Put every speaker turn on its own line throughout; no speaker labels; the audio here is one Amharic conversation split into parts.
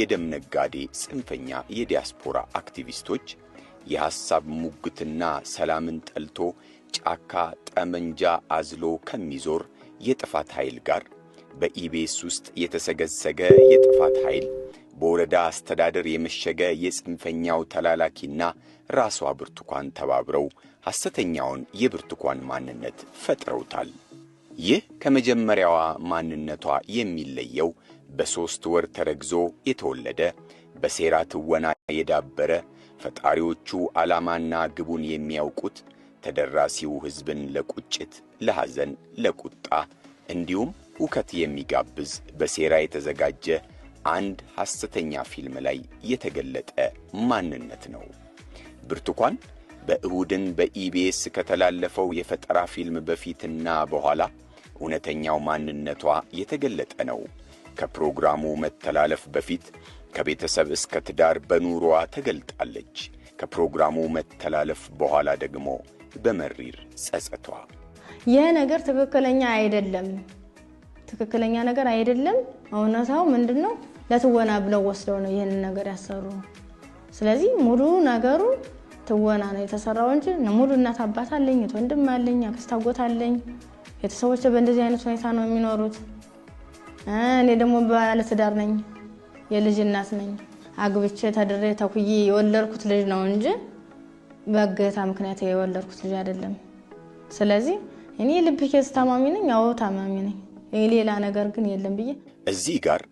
የደም ነጋዴ ጽንፈኛ የዲያስፖራ አክቲቪስቶች የሐሳብ ሙግትና ሰላምን ጠልቶ ጫካ ጠመንጃ አዝሎ ከሚዞር የጥፋት ኃይል ጋር በኢቢኤስ ውስጥ የተሰገሰገ የጥፋት ኃይል በወረዳ አስተዳደር የመሸገ የጽንፈኛው ተላላኪና ራሷ ብርቱካን ተባብረው ሐሰተኛውን የብርቱካን ማንነት ፈጥረውታል። ይህ ከመጀመሪያዋ ማንነቷ የሚለየው በሦስት ወር ተረግዞ የተወለደ በሴራ ትወና የዳበረ ፈጣሪዎቹ ዓላማና ግቡን የሚያውቁት ተደራሲው ሕዝብን ለቁጭት፣ ለሐዘን፣ ለቁጣ እንዲሁም ሁከት የሚጋብዝ በሴራ የተዘጋጀ አንድ ሐሰተኛ ፊልም ላይ የተገለጠ ማንነት ነው። ብርቱካን በእሁድን በኢቢኤስ ከተላለፈው የፈጠራ ፊልም በፊትና በኋላ እውነተኛው ማንነቷ የተገለጠ ነው። ከፕሮግራሙ መተላለፍ በፊት ከቤተሰብ እስከ ትዳር በኑሮዋ ተገልጣለች። ከፕሮግራሙ መተላለፍ በኋላ ደግሞ በመሪር ጸጸቷ
ይህ ነገር ትክክለኛ አይደለም፣ ትክክለኛ ነገር አይደለም፣ እውነታው ምንድን ነው? ለትወና ብለው ወስደው ነው ይህንን ነገር ያሰሩ። ስለዚህ ሙሉ ነገሩ ትወና ነው የተሰራው እንጂ ሙሉ እናት አባት አለኝ፣ ወንድም አለኝ፣ አክስት አጎት አለኝ። ቤተሰቦች በእንደዚህ አይነት ሁኔታ ነው የሚኖሩት። እኔ ደግሞ ባለትዳር ነኝ፣ የልጅ እናት ነኝ። አግብቼ ተድሬ ተኩዬ የወለድኩት ልጅ ነው እንጂ በእገታ ምክንያት የወለድኩት ልጅ አይደለም። ስለዚህ እኔ የልብ ኬዝ ታማሚ ነኝ። አዎ ታማሚ ነኝ። ሌላ ነገር ግን የለም ብዬ
እዚህ ጋር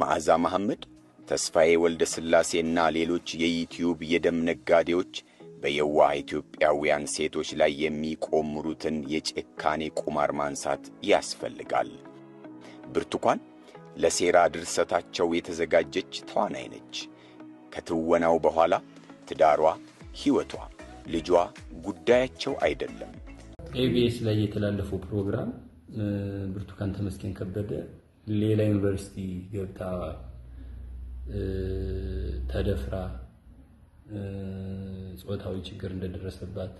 መዓዛ መሐመድ፣ ተስፋዬ ወልደ ስላሴና ሌሎች የዩትዩብ የደም ነጋዴዎች በየዋህ ኢትዮጵያውያን ሴቶች ላይ የሚቆምሩትን የጭካኔ ቁማር ማንሳት ያስፈልጋል። ብርቱካን ለሴራ ድርሰታቸው የተዘጋጀች ተዋናይ ነች። ከትወናው በኋላ ትዳሯ፣ ሕይወቷ፣ ልጇ ጉዳያቸው አይደለም።
ኤቢኤስ ላይ የተላለፈው ፕሮግራም ብርቱካን ተመስገን ከበደ ሌላ ዩኒቨርሲቲ ገብታ ተደፍራ ጾታዊ ችግር እንደደረሰባት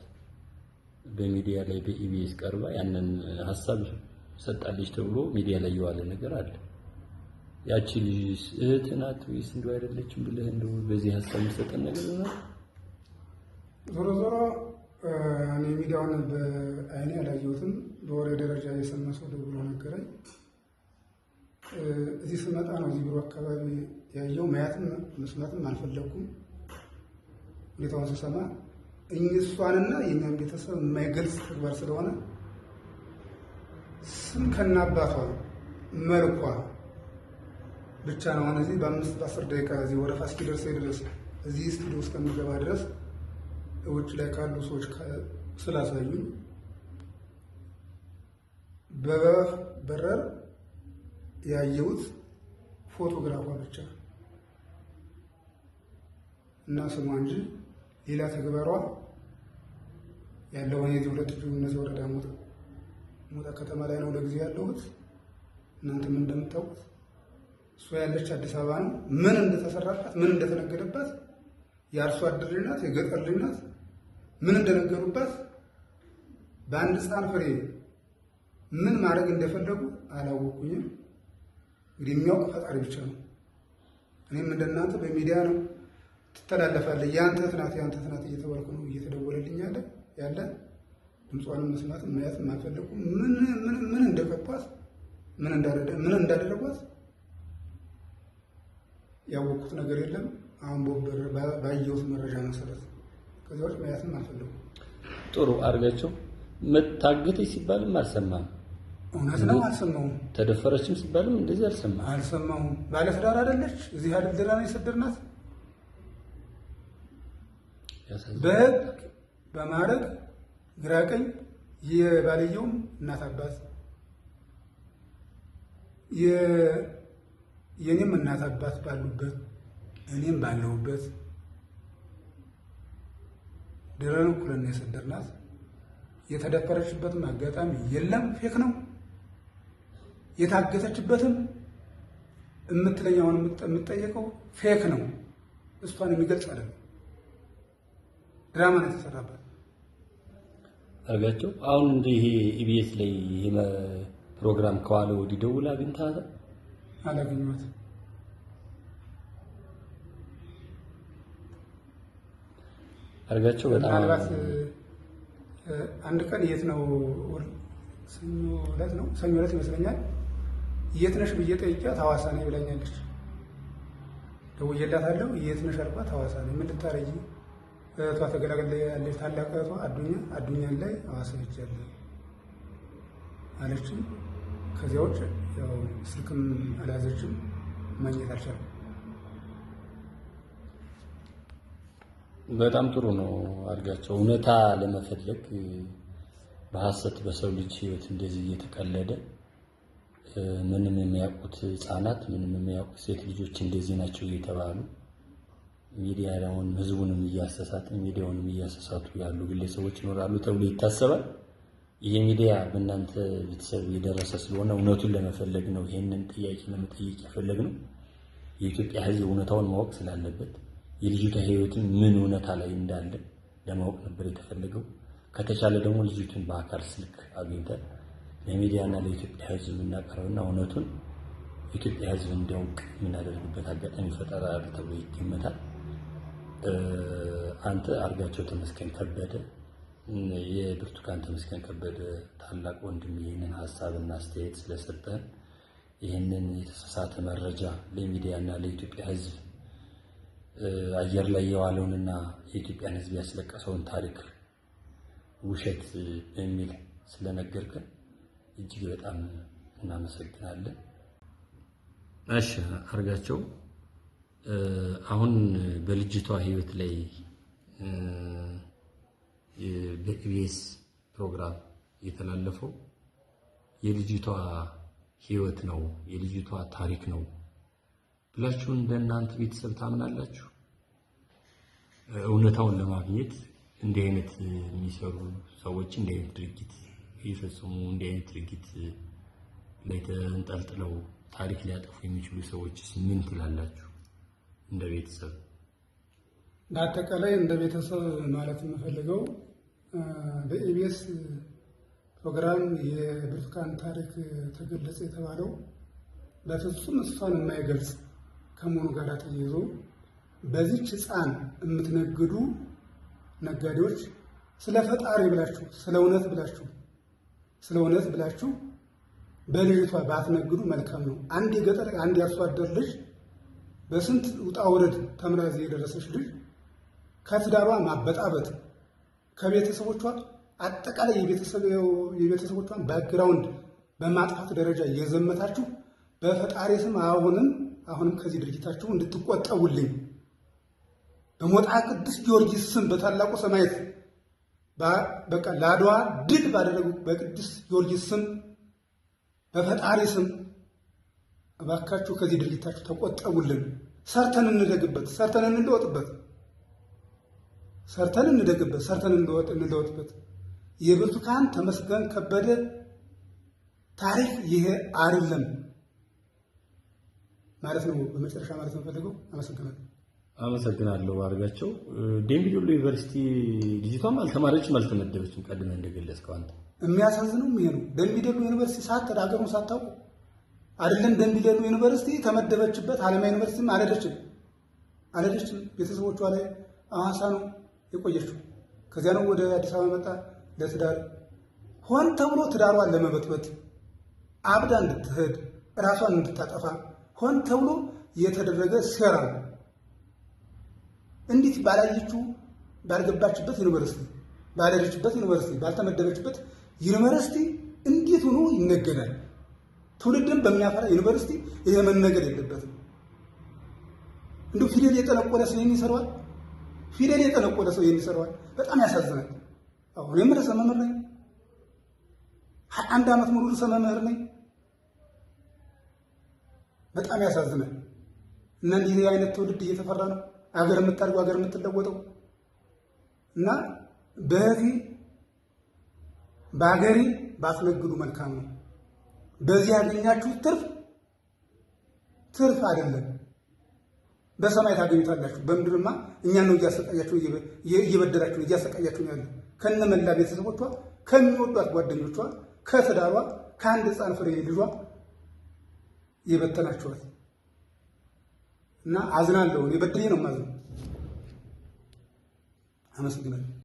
በሚዲያ ላይ በኢቢኤስ ቀርባ ያንን ሀሳብ ሰጣለች ተብሎ ሚዲያ ላይ የዋለ ነገር አለ። ያቺ ልጅ እህት ናት ወይስ እንደው አይደለችም ብለህ እንደው በዚህ ሀሳብ የሚሰጠን ነገር ነው።
ዞሮ ዞሮ እኔ ሚዲያውን በአይኔ አላየሁትም፣ በወሬ ደረጃ የሰማ ሰው ደውሎ ነገረኝ። እዚህ ስመጣ ነው እዚህ ቢሮ አካባቢ ያየው። ማየትም መስማትም አልፈለኩም። ሁኔታውን ስሰማ እሷንና የእኛን ቤተሰብ የማይገልጽ ተግባር ስለሆነ እሱም ከናባቷ መልኳ ብቻ ነው። አሁን እዚህ በአምስት በአስር ደቂቃ እዚህ ወረፋ እስኪደርስ ድረስ እዚህ ስቱዲዮ እስከምገባ ድረስ ውጭ ላይ ካሉ ሰዎች ስላሳዩኝ በበበ በረር ያየሁት ፎቶግራፏ ብቻ እና ስሟ እንጂ ሌላ ተግባሯ ያለውን የዚህ ሁለት ልዩነት ወረዳ ሞት ሞጣ ከተማ ላይ ነው ለጊዜ ያለሁት። እናንተም እንደምታውቁት እሷ ያለች አዲስ አበባ ነው። ምን እንደተሰራላት ምን እንደተነገደባት የአርሶ አደር ልጅ ናት፣ የገጠር ልጅ ናት። ምን እንደነገሩባት በአንድ ሕፃን ፍሬ ምን ማድረግ እንደፈለጉ አላወቁኝም። እንግዲህ የሚያውቅ ፈጣሪ ብቻ ነው። እኔም እንደናንተ በሚዲያ ነው ትተላለፋለ ያንተ ትናት ያንተ ትናት እየተባልኩ ነው እየተደወለልኝ ያለ ድምጿንም መስማት ማየት የማልፈለጉ ምን እንደገባት ምን እንዳደረጓት ያወቅኩት ነገር የለም። አሁን ባየሁት መረጃ መሰረት ውጭ ማየትም አልፈለጉ።
ጥሩ አድርጋቸው መታገተች ሲባልም አልሰማም።
እውነት ነው አልሰማሁም።
ተደፈረችም ሲባልም እንደዚህ አልሰማም
አልሰማሁም። ባለትዳር አይደለች? እዚህ አድልድራ ነው የሰደድናት በህግ በማድረግ ግራ ቀኝ የባልየውም እናት አባት የእኔም እናት አባት ባሉበት እኔም ባለሁበት ድረን እኩልና የሰደርናት የተደፈረችበትም አጋጣሚ የለም። ፌክ ነው። የታገተችበትም የምትለኝ አሁን የምትጠየቀው ፌክ ነው። እሷን የሚገልጽ አይደለም። ድራማ ነው የተሰራበት።
አርጋቸው አሁን እንደ ይሄ ኢቢኤስ ላይ ይሄ ፕሮግራም ከዋለ ወዲህ ደውላ አግኝተሃት?
አላገኘኋትም። አርጋቸው በጣም ምናልባት አንድ ቀን የት ነው ሰኞ ዕለት ነው ሰኞ ዕለት ይመስለኛል የት ነሽ ብዬ ጠይቂያት ሐዋሳ ነኝ ብላኛለች። ደውዬላታለሁ። የት ነሽ አልኳት። ሐዋሳ ነኝ። ምን ልታረጂ እህቷ ተገላገል ያለች ታላቅ እህቷ አዱኛ አዱኛን ላይ አዋሰብቻለሁ አለችም። ከዚያ ውጭ ያው ስልክም አልያዘችም፣ ማግኘት አልቻልኩም።
በጣም ጥሩ ነው አድርጋቸው። እውነታ ለመፈለግ በሀሰት በሰው ልጅ ህይወት እንደዚህ እየተቀለደ ምንም የሚያውቁት ህጻናት ምንም የሚያውቁት ሴት ልጆች እንደዚህ ናቸው እየተባሉ ሚዲያውን ህዝቡንም እያሳሳተ ሚዲያውንም እያሳሳቱ ያሉ ግለሰቦች ይኖራሉ ተብሎ ይታሰባል። ይህ ሚዲያ በእናንተ ቤተሰብ የደረሰ ስለሆነ እውነቱን ለመፈለግ ነው፣ ይህንን ጥያቄ ለመጠየቅ የፈለግ ነው። የኢትዮጵያ ህዝብ እውነታውን ማወቅ ስላለበት የልጅቷ ህይወትን ምን እውነታ ላይ እንዳለ ለማወቅ ነበር የተፈለገው። ከተቻለ ደግሞ ልጅቱን በአካል ስልክ አግኝተን ለሚዲያና ለኢትዮጵያ ህዝብ እናቀርብና እውነቱን ኢትዮጵያ ህዝብ እንዲያውቅ የምናደርግበት አጋጣሚ ፈጠራ ተብሎ ይገመታል። አንተ አርጋቸው ተመስገን ከበደ የብርቱካን ተመስገን ከበደ ታላቅ ወንድም ይህንን ሀሳብና አስተያየት ስለሰጠን ይህንን የተሳሳተ መረጃ ለሚዲያ ለኢትዮጵያ ሕዝብ አየር ላይ የዋለውንና የኢትዮጵያን ሕዝብ ያስለቀሰውን ታሪክ ውሸት በሚል ስለነገርከን እጅግ በጣም እናመሰግናለን።
እሺ አርጋቸው አሁን በልጅቷ ህይወት ላይ በኢቢኤስ ፕሮግራም የተላለፈው የልጅቷ ህይወት ነው፣ የልጅቷ ታሪክ ነው ብላችሁ እናንተ ቤተሰብ ታምናላችሁ? እውነታውን ለማግኘት እንዲህ አይነት የሚሰሩ ሰዎች እንዲህ አይነት ድርጊት እየፈጸሙ እንዲህ አይነት ድርጊት ላይ ተንጠልጥለው ታሪክ ሊያጠፉ የሚችሉ ሰዎችስ ምን ትላላችሁ? እንደ ቤተሰብ
በአጠቃላይ እንደ ቤተሰብ ማለት የምፈልገው በኢቢኤስ ፕሮግራም የብርቱካን ታሪክ ተገለጸ የተባለው በፍጹም እሷን የማይገልጽ ከመሆኑ ጋር ተያይዞ በዚች ሕፃን የምትነግዱ ነጋዴዎች ስለ ፈጣሪ ብላችሁ ስለ እውነት ብላችሁ ስለ እውነት ብላችሁ በልጅቷ ባትነግዱ መልካም ነው። አንድ የገጠር አንድ የአርሶ አደር ልጅ በስንት ውጣ ውረድ ተምራ እዚህ የደረሰች ልጅ ከትዳሯ ማበጣበጥ ከቤተሰቦቿ አጠቃላይ የቤተሰቦቿን ባክግራውንድ በማጥፋት ደረጃ እየዘመታችሁ በፈጣሪ ስም አሁንም አሁንም ከዚህ ድርጊታችሁ እንድትቆጠቡልኝ በሞጣ ቅዱስ ጊዮርጊስ ስም በታላቁ ሰማየት በቃ ለአድዋ ድል ባደረጉ በቅዱስ ጊዮርጊስ ስም በፈጣሪ ስም እባካችሁ ከዚህ ድርጊታችሁ ተቆጠቡልን። ሰርተን እንደግበት፣ ሰርተን እንደወጥበት፣ ሰርተን እንደግበት፣ ሰርተን እንደወጥበት። የብርቱካን ተመስገን ከበደ ታሪክ ይሄ አይደለም ማለት ነው። በመጨረሻ ማለት ነው ፈልገው። አመሰግናለሁ።
አመሰግናለሁ አድርጋቸው። ዴንቢ ዶሎ ዩኒቨርሲቲ ልጅቷም አልተማረችም አልተመደበችም፣ ቀድመህ እንደገለጽከው አንተ።
የሚያሳዝነውም ይሄ ነው። ዴንቢ ዩኒቨርሲቲ ሳትሄድ ሀገሩን ሳታውቅ አይደለም ደንቢዶሎ ዩኒቨርሲቲ ተመደበችበት። አለማ ዩኒቨርሲቲም አልሄደችም አልሄደችም። ቤተሰቦቿ ላይ አዋሳ ነው የቆየችው። ከዚያ ነው ወደ አዲስ አበባ መጣ ለትዳር ሆን ተብሎ ትዳሯን ለመበትበት አብዳ እንድትሄድ ራሷን እንድታጠፋ ሆን ተብሎ የተደረገ ሴራ ነው። እንዴት ባላየችው ባልገባችበት ዩኒቨርሲቲ ባልሄደችበት ዩኒቨርሲቲ ባልተመደበችበት ዩኒቨርሲቲ እንዴት ሆኖ ይነገዳል? ትውልድን በሚያፈራ ዩኒቨርሲቲ ይሄ መነገር የለበትም። እንዲሁ ፊደል የጠነቆለ ሰው ይህን ይሰራዋል። ፊደል የጠነቆለ ሰው ይህን ይሰራዋል። በጣም ያሳዝናል። አሁን እኔም ርዕሰ መምህር ነኝ። ሀያ አንድ ዓመት ሙሉ ርዕሰ መምህር ነኝ። በጣም ያሳዝናል። እና እንዲህ አይነት ትውልድ እየተፈራ ነው አገር የምታድገው አገር የምትለወጠው እና በዚህ በሀገሬ ባስነግዱ መልካም ነው። በዚህ ያገኛችሁት ትርፍ ትርፍ አይደለም፣ በሰማይ ታገኙታላችሁ። በምድርማ እኛ ነው እያሰቃያችሁ እየበደላችሁ እያሰቃያችሁ ነው ያለ ከነ መላ ቤተሰቦቿ ከሚወዷት ጓደኞቿ ከትዳሯ ከአንድ ህፃን ፍሬ ልጇ የበተናችኋል እና አዝናለሁ። የበደሌ ነው ማዝነው። አመሰግናለሁ።